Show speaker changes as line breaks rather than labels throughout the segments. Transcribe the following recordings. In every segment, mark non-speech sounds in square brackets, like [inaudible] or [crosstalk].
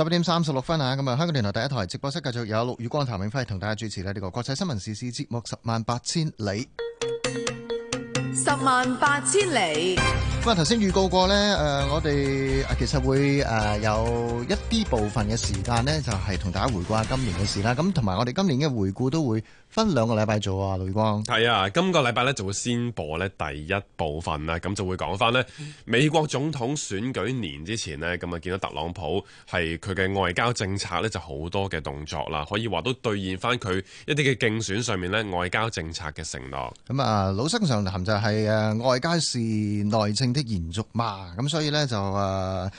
十一點三十六分啊！咁啊，香港電台第一台直播室繼續有陸宇光、譚永輝同大家主持咧呢個國際新聞時事節目《十萬八千里》。
《十萬八千里》。
咁啊，頭先預告過咧，誒，我哋其實會誒有一啲部分嘅時間咧，就係同大家回顧下今年嘅事啦。咁同埋我哋今年嘅回顧都會分兩個禮拜做啊，雷光
係啊，今個禮拜呢就會先播呢第一部分啦。咁就會講翻呢美國總統選舉年之前呢，咁啊見到特朗普係佢嘅外交政策呢就好多嘅動作啦，可以話都兌現翻佢一啲嘅競選上面呢外交政策嘅承諾。
咁啊，老生常談就係誒，外交是內政的延續嘛。咁所以呢，就、呃、誒。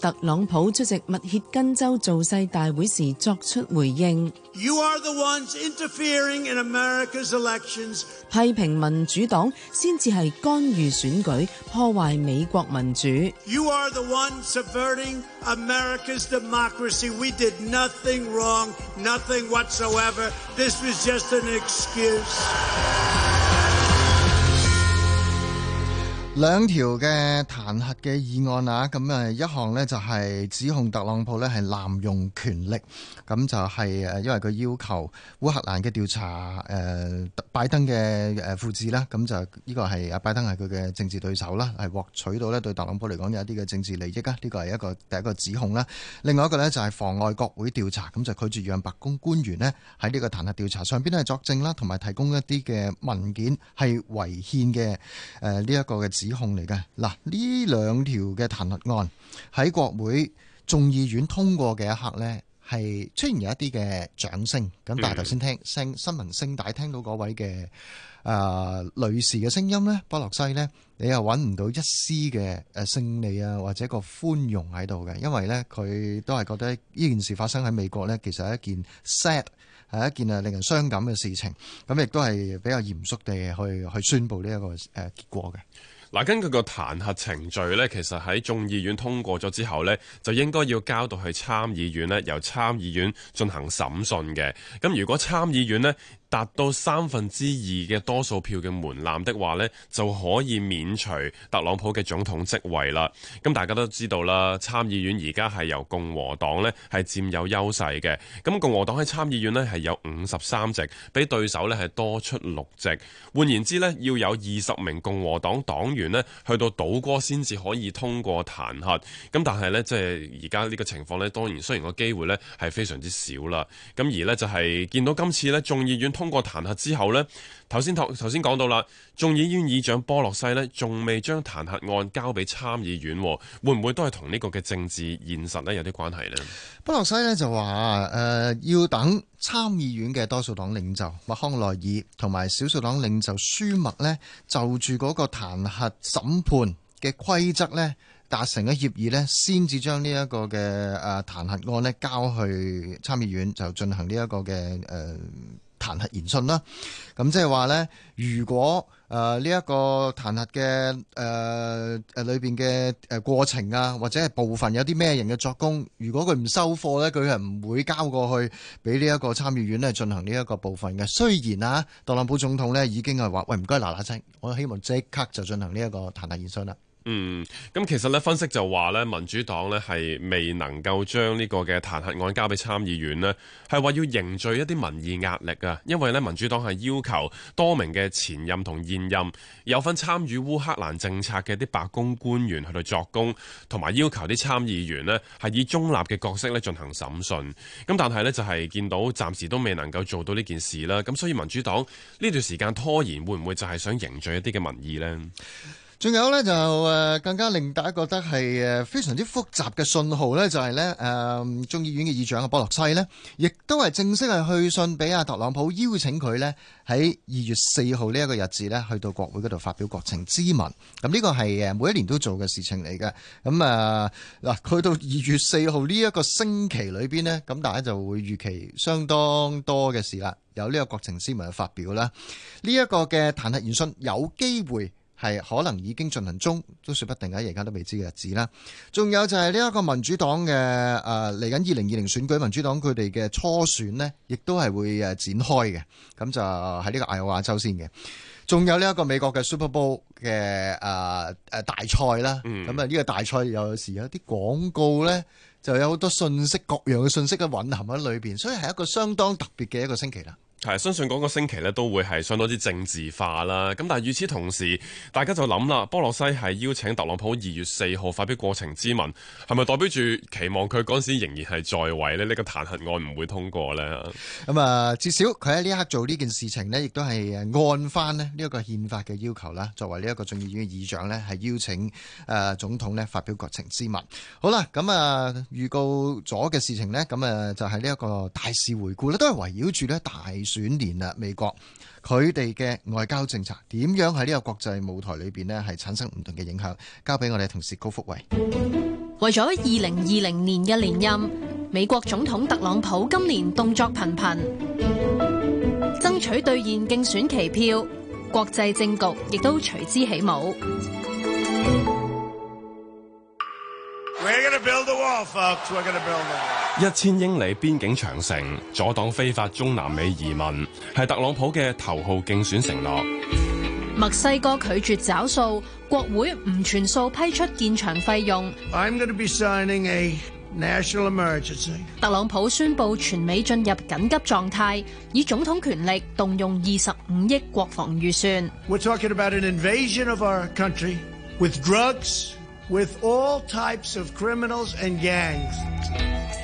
特朗普出席密歇根州造勢大會時作出回
應，in
批評民主黨先至係干預選舉，破壞美國
民主。
兩條嘅彈劾嘅議案啊，咁啊，一項呢就係指控特朗普呢係濫用權力，咁就係誒，因為佢要求烏克蘭嘅調查誒、呃，拜登嘅誒父子啦，咁就呢個係阿拜登係佢嘅政治對手啦，係獲取到呢對特朗普嚟講有一啲嘅政治利益啊，呢個係一個第一個指控啦。另外一個呢就係妨礙國會調查，咁就是、拒絕讓白宮官員呢喺呢個彈劾調查上邊咧作證啦，同埋提供一啲嘅文件係違憲嘅，誒呢一個嘅指。指控嚟嘅。嗱，呢兩條嘅彈劾案喺國會眾議院通過嘅一刻呢，係出現有一啲嘅掌聲咁，但係頭先聽聲新聞聲帶，但係聽到嗰位嘅誒女士嘅聲音呢，波洛西呢，你又搵唔到一絲嘅誒勝利啊，或者個寬容喺度嘅，因為呢佢都係覺得呢件事發生喺美國呢，其實係一件 sad 係一件誒令人傷感嘅事情，咁亦都係比較嚴肅地去去宣佈呢一個誒結果嘅。
嗱，根據個彈劾程序咧，其實喺眾議院通過咗之後咧，就應該要交到去參議院咧，由參議院進行審訊嘅。咁如果參議院咧，達到三分之二嘅多數票嘅門檻的話呢，就可以免除特朗普嘅總統職位啦。咁大家都知道啦，參議院而家係由共和黨呢係佔有優勢嘅。咁共和黨喺參議院呢係有五十三席，比對手呢係多出六席。換言之呢，要有二十名共和黨黨員呢去到倒戈先至可以通過彈劾。咁但係呢，即係而家呢個情況呢，當然雖然個機會呢係非常之少啦。咁而呢，就係、是、見到今次呢眾議院通過彈劾之後呢，頭先頭頭先講到啦，眾議院議長波洛西呢，仲未將彈劾案交俾參議院，會唔會都係同呢個嘅政治現實呢有啲關係呢？
波洛西呢，就話誒、呃，要等參議院嘅多數黨領袖麥康奈爾同埋少數黨領袖舒默呢，就住嗰個彈劾審判嘅規則呢，達成嘅協議呢，先至將呢一個嘅誒、呃、彈劾案呢交去參議院，就進行呢一個嘅誒。呃彈劾言訊啦，咁即係話咧，如果誒呢一個彈劾嘅誒誒裏邊嘅誒過程啊，或者係部分有啲咩人嘅作工，如果佢唔收貨咧，佢係唔會交過去俾呢一個參議院咧進行呢一個部分嘅。雖然啊，特朗普總統咧已經係話，喂唔該嗱嗱聲，我希望即刻就進行呢一個彈劾言訊啦。
嗯，咁其實咧，分析就話咧，民主黨咧係未能夠將呢個嘅彈劾案交俾參議院，呢係話要凝聚一啲民意壓力啊，因為呢，民主黨係要求多名嘅前任同現任有份參與烏克蘭政策嘅啲白宮官員去度作供，同埋要求啲參議員呢係以中立嘅角色咧進行審訊，咁但係呢，就係見到暫時都未能夠做到呢件事啦，咁所以民主黨呢段時間拖延會唔會就係想凝聚一啲嘅民意呢？
仲有咧就誒更加令大家覺得係非常之複雜嘅信號咧，就係咧誒眾議院嘅議長嘅波洛西呢，亦都係正式係去信俾阿特朗普，邀請佢呢喺二月四號呢一個日子呢去到國會嗰度發表國情咨文。咁呢個係每一年都做嘅事情嚟嘅。咁啊嗱，去到二月四號呢一個星期裏邊呢，咁大家就會預期相當多嘅事啦，有呢個國情咨文嘅發表啦。呢一個嘅彈劾言訊有機會。係可能已經進行中，都說不定啊！而家都未知嘅日子啦。仲有就係呢一個民主黨嘅誒嚟緊二零二零選舉，民主黨佢哋嘅初選呢，亦都係會展開嘅。咁就喺呢個艾奧瓦州先嘅。仲有呢一個美國嘅 Super Bowl 嘅誒、呃、大賽啦。咁啊呢個大賽有時有啲廣告呢，就有好多信息各樣嘅信息嘅混合喺裏邊，所以係一個相當特別嘅一個星期啦。
係，相信嗰個星期呢都會係相當之政治化啦。咁但係與此同時，大家就諗啦，波洛西係邀請特朗普二月四號發表國情之問，係咪代表住期望佢嗰陣時仍然係在位呢？呢、呢個彈劾案唔會通過呢？
咁啊，至少佢喺呢一刻做呢件事情呢，亦都係按翻呢一個憲法嘅要求啦。作為呢一個眾議院嘅議長咧，係邀請誒總統咧發表國情之問。好啦，咁啊預告咗嘅事情呢，咁啊就係呢一個大事回顧啦，都係圍繞住呢。大。選年啦，美國佢哋嘅外交政策點樣喺呢個國際舞台裏邊咧，係產生唔同嘅影響？交俾我哋同事高福慧。
為咗二零二零年嘅連任，美國總統特朗普今年動作頻頻，爭取兌現競選期票，國際政局亦都隨之起舞。
We're gonna build the wall, folks. We're
gonna build that. 一千英里邊境長城阻擋非法中南美移民，係特朗普嘅頭號競選承諾。
墨西哥拒絕找數，國會唔全數批出建牆費用。特朗普宣布全美進入緊急狀態，以總統權力動用二十
五億國防預算。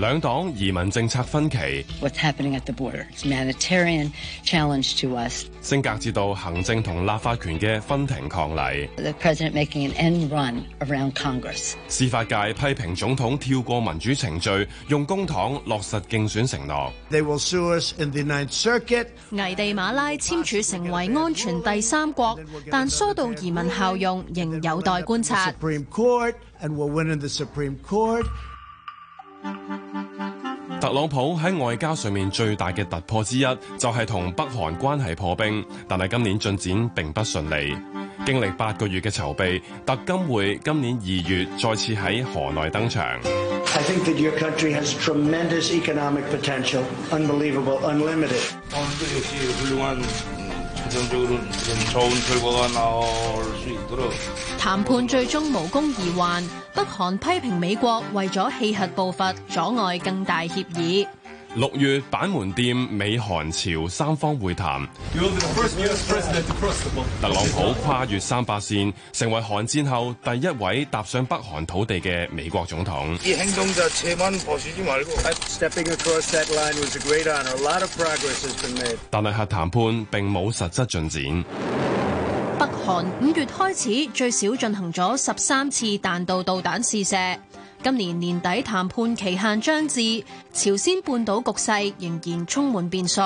兩黨移民政策分歧，
升
格至到行政同立法權嘅分庭抗
禮。
司法界批評總統跳過民主程序，用公帑落實競選承諾。
危
地馬拉簽署成為安全第三國，但疏導移民效用仍有待觀察。 [noise]
特朗普喺外交上面最大嘅突破之一，就係同北韓關係破冰，但係今年進展並不順利。經歷八個月嘅籌備，特金會今年二月再次喺河內登場。
I think that your
談判最終無功而還，北韓批評美國為咗棄核步伐阻礙更大協議。
六月板門店美韓朝三方會談，yeah. 特朗普跨越三八線，成為韓戰後第一位踏上北韓土地嘅美國總統。但係核談判並冇實質進展。
北韓五月開始最少進行咗十三次彈道導彈試射。今年年底談判期限將至，朝鮮半島局勢仍然充滿變數。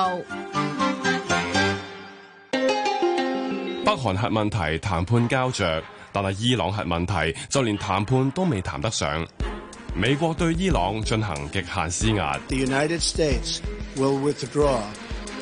北韓核問題談判膠着，但係伊朗核問題就連談判都未談得上。美國對伊朗進行極限施壓。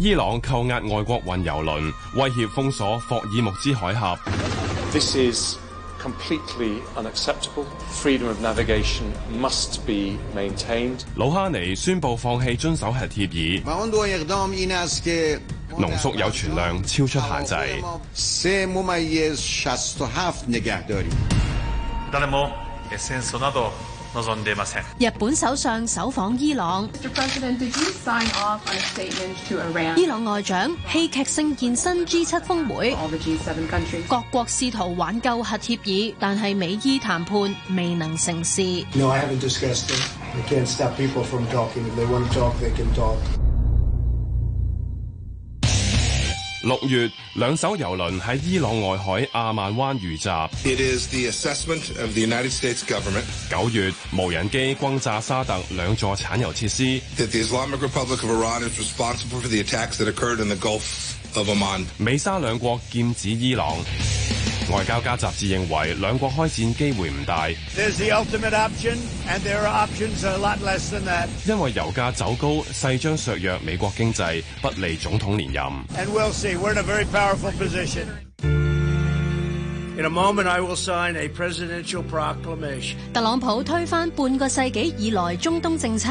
伊朗扣押外國運油輪，威脅封鎖霍爾木茲海峽。魯哈尼宣布放棄遵守核協議。濃縮 [music] 鈾存量超出限制。 [music] [music]
日本首相首訪伊朗。伊朗外長戲劇性現身 G7 峰會。各國試圖挽救核協議，但係美伊談判未能成事。
No,
六月，兩艘油輪喺伊朗外海阿曼灣遇襲。It is the assessment of the United States government. 九月，無人機轟炸沙特兩座產油
設施。
美沙兩國劍指伊朗。外交家雜誌認為兩國開戰機會
唔大，
因為油價走高勢將削弱美國經濟，不利總統
連任。特
朗普推翻半個世紀以來中東政
策。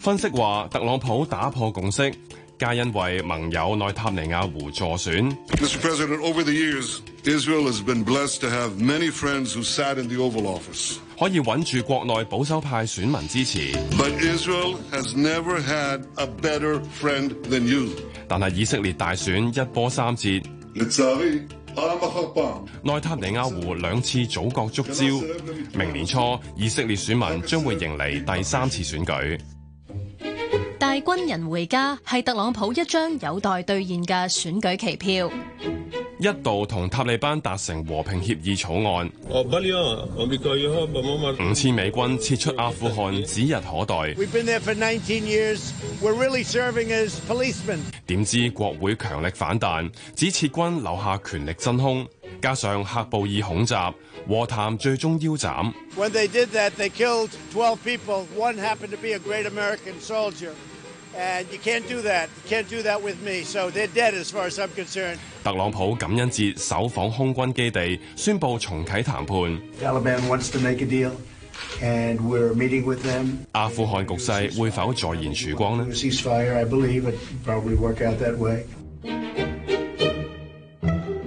分析話，特朗普打破共識，皆因為盟友內塔尼亞胡助選
，Israel has been blessed to have many friends who sat in the Oval Office.
可以穩住國內保守派選民支持。But Israel has never had a better friend than you. 但係以色列大選一波三折，內塔尼亞胡兩次組閣觸礁。明年初，以色列選民將會迎嚟第三次選舉。
帶軍人回家係特朗普一張有待兌現嘅選舉期票。
一度同塔利班達成和平協議草案，五千美軍撤出阿富汗指日可待。
點、really、
知國會強力反彈，指撤軍留下權力真空，加上喀布爾恐襲。和談最終腰斬。
When they did that, they killed 12 people. One happened to be a great American soldier. And you can't do that. You can't do that with me. So they're dead as far as I'm concerned.
特朗普感恩節首訪空軍基地，宣布重啟談判。
Taliban wants to make a deal and we're meeting with them.
阿富汗局勢會否再現曙光
呢？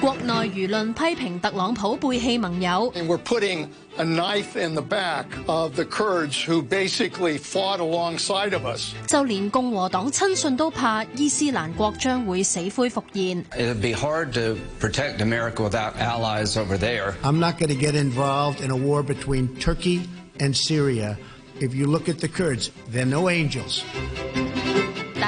國內輿論批評特朗普背棄盟
友，
就連共和黨親信都怕伊斯蘭國將會死灰復燃。
就連共和黨親信都怕伊斯蘭國將會死灰復燃。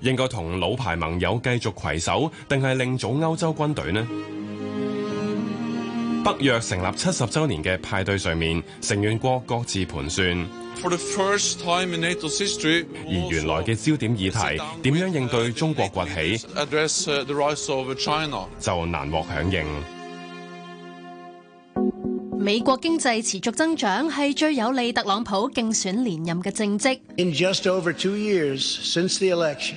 應該同老牌盟友繼續攜手，定係另組歐洲軍隊呢？北約成立七十週年嘅派對上面，成員國各自盤算。而原來嘅焦點議題，點樣應對中國崛起，就難獲響應。
美國經濟持續增長，係最有利特朗普競選連任嘅政績。In just over
two years, since the election,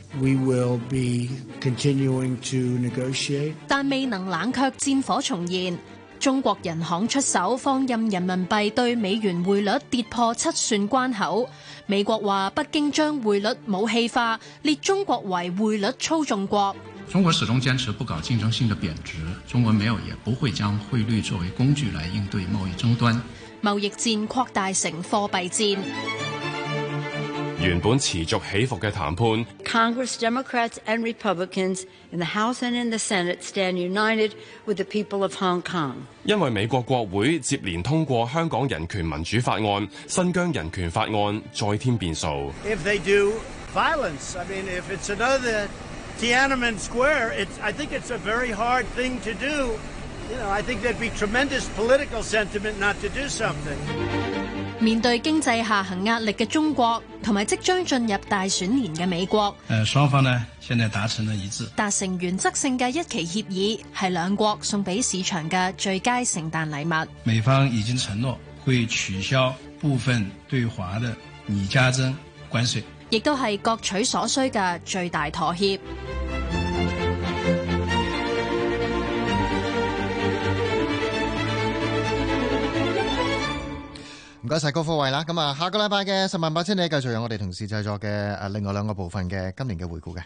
We will be continuing to negotiate.
但未能冷卻，戰火重燃，中國人行出手放任人民幣對美元匯率跌破七算關口。美國話，北京將匯率武器化，列中國為匯率操縱國。
中國始終堅持不搞競爭性的貶值，中國沒有也不會將匯率作為工具來應對貿易爭端。
貿易戰擴大成貨幣戰。
原本持續起伏嘅談判
，Congress, Democrats and Republicans in the
House and in the Senate stand united with the people of Hong Kong.
因為美國國會接連通過香港人權民主法案、新疆人權法案，再添變數。
If they do violence, I mean, if it's another Tiananmen Square, I think it's a very hard thing to do. You know, I think there'd be tremendous political sentiment not to do something.
面對經濟下行壓力嘅中國，同埋即將進入大選年嘅美國，
誒、呃，雙方呢，現在達成了一致，
達成原則性嘅一期協議，係兩國送俾市場嘅最佳聖誕禮物。
美方已經承諾會取消部分對華嘅擬加徵關稅，
亦都係各取所需嘅最大妥協。
多謝，大家好，我高福慧啦。咁啊，下個禮拜嘅十萬八千里，繼續有我哋同事製作嘅，誒，另外兩個部分嘅今年嘅回顧嘅。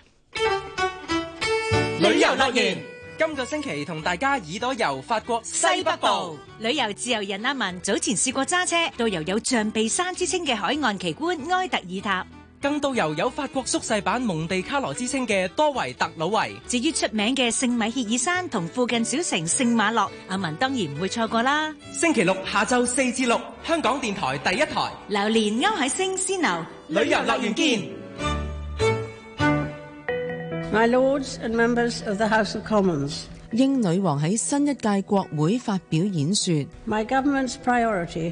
旅遊樂園，今個星期同大家耳朵遊法國西北，西北部，旅遊自由人阿、啊、文早前試過揸車，到遊有象鼻山之稱嘅海岸奇觀埃特爾塔。更到由有法國縮細版蒙地卡羅之稱嘅多維特魯維。至於出名嘅聖米歇爾山同附近小城聖馬洛，阿文當然唔會錯過啦。
星
期六下晝四至六，香港電台第一台。
嗱，連勾喺星先流
旅遊樂園見。
My Lords and members of the House of Commons，英女王喺新一屆國會發表演說。My government's priority。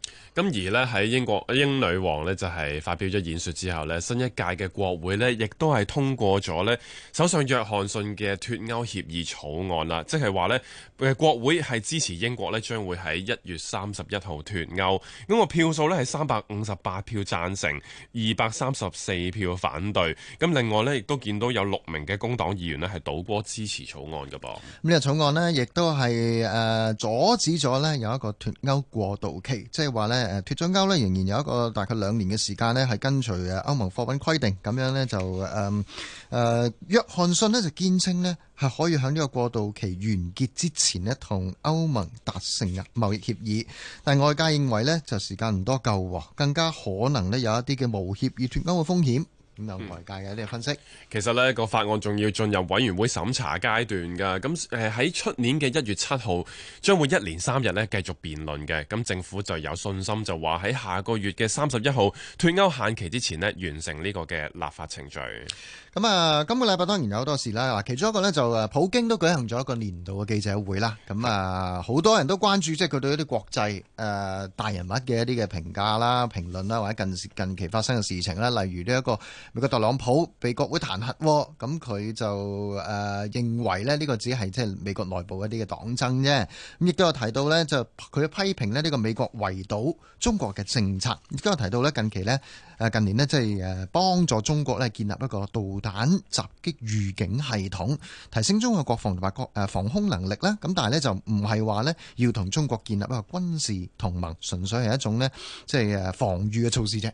咁而咧喺英國英女王咧就係發表咗演說之後咧，新一屆嘅國會咧亦都係通過咗咧首相約翰遜嘅脱歐協議草案啦，即係話咧誒，國會係支持英國咧將會喺一月三十一號脱歐，咁個票數咧係三百五十八票贊成，二百三十四票反對，咁另外咧亦都見到有六名嘅工黨議員咧係倒戈支持草案嘅噃。
咁呢個草案咧亦都係誒、呃、阻止咗咧有一個脱歐過渡期，即係話咧。誒，脫咗歐呢，仍然有一個大概兩年嘅時間呢，係跟隨誒歐盟貨品規定咁樣呢，就誒誒，約翰遜呢，就堅稱呢，係可以喺呢個過渡期完結之前呢同歐盟達成貿易協議，但外界認為呢，就時間唔多夠，更加可能呢有一啲嘅無協議脫歐嘅風險。
外界嘅分析。其實呢個法案仲要進入委員會審查階段㗎。咁誒喺出年嘅一月七號，將會一連三日呢繼續辯論嘅。咁政府就有信心，就話喺下個月嘅三十一號脫歐限期之前呢完成呢個嘅立法程序。
咁啊，今個禮拜當然有好多事啦。嗱，其中一個呢，就誒，普京都舉行咗一個年度嘅記者會啦。咁啊，好多人都關注即係佢對一啲國際誒大人物嘅一啲嘅評價啦、評論啦，或者近近期發生嘅事情啦。例如呢一個美國特朗普被國會彈劾，咁佢就誒認為呢呢個只係即係美國內部一啲嘅黨爭啫。咁亦都有提到呢，就佢批評呢呢個美國圍堵中國嘅政策。亦都有提到呢，近期呢，誒近年呢，即係誒幫助中國呢，建立一個導彈襲擊預警系統，提升中國國防同埋國誒防空能力啦。咁但係咧就唔係話咧要同中國建立一個軍事同盟，純粹係一種咧即係誒防禦嘅措施啫。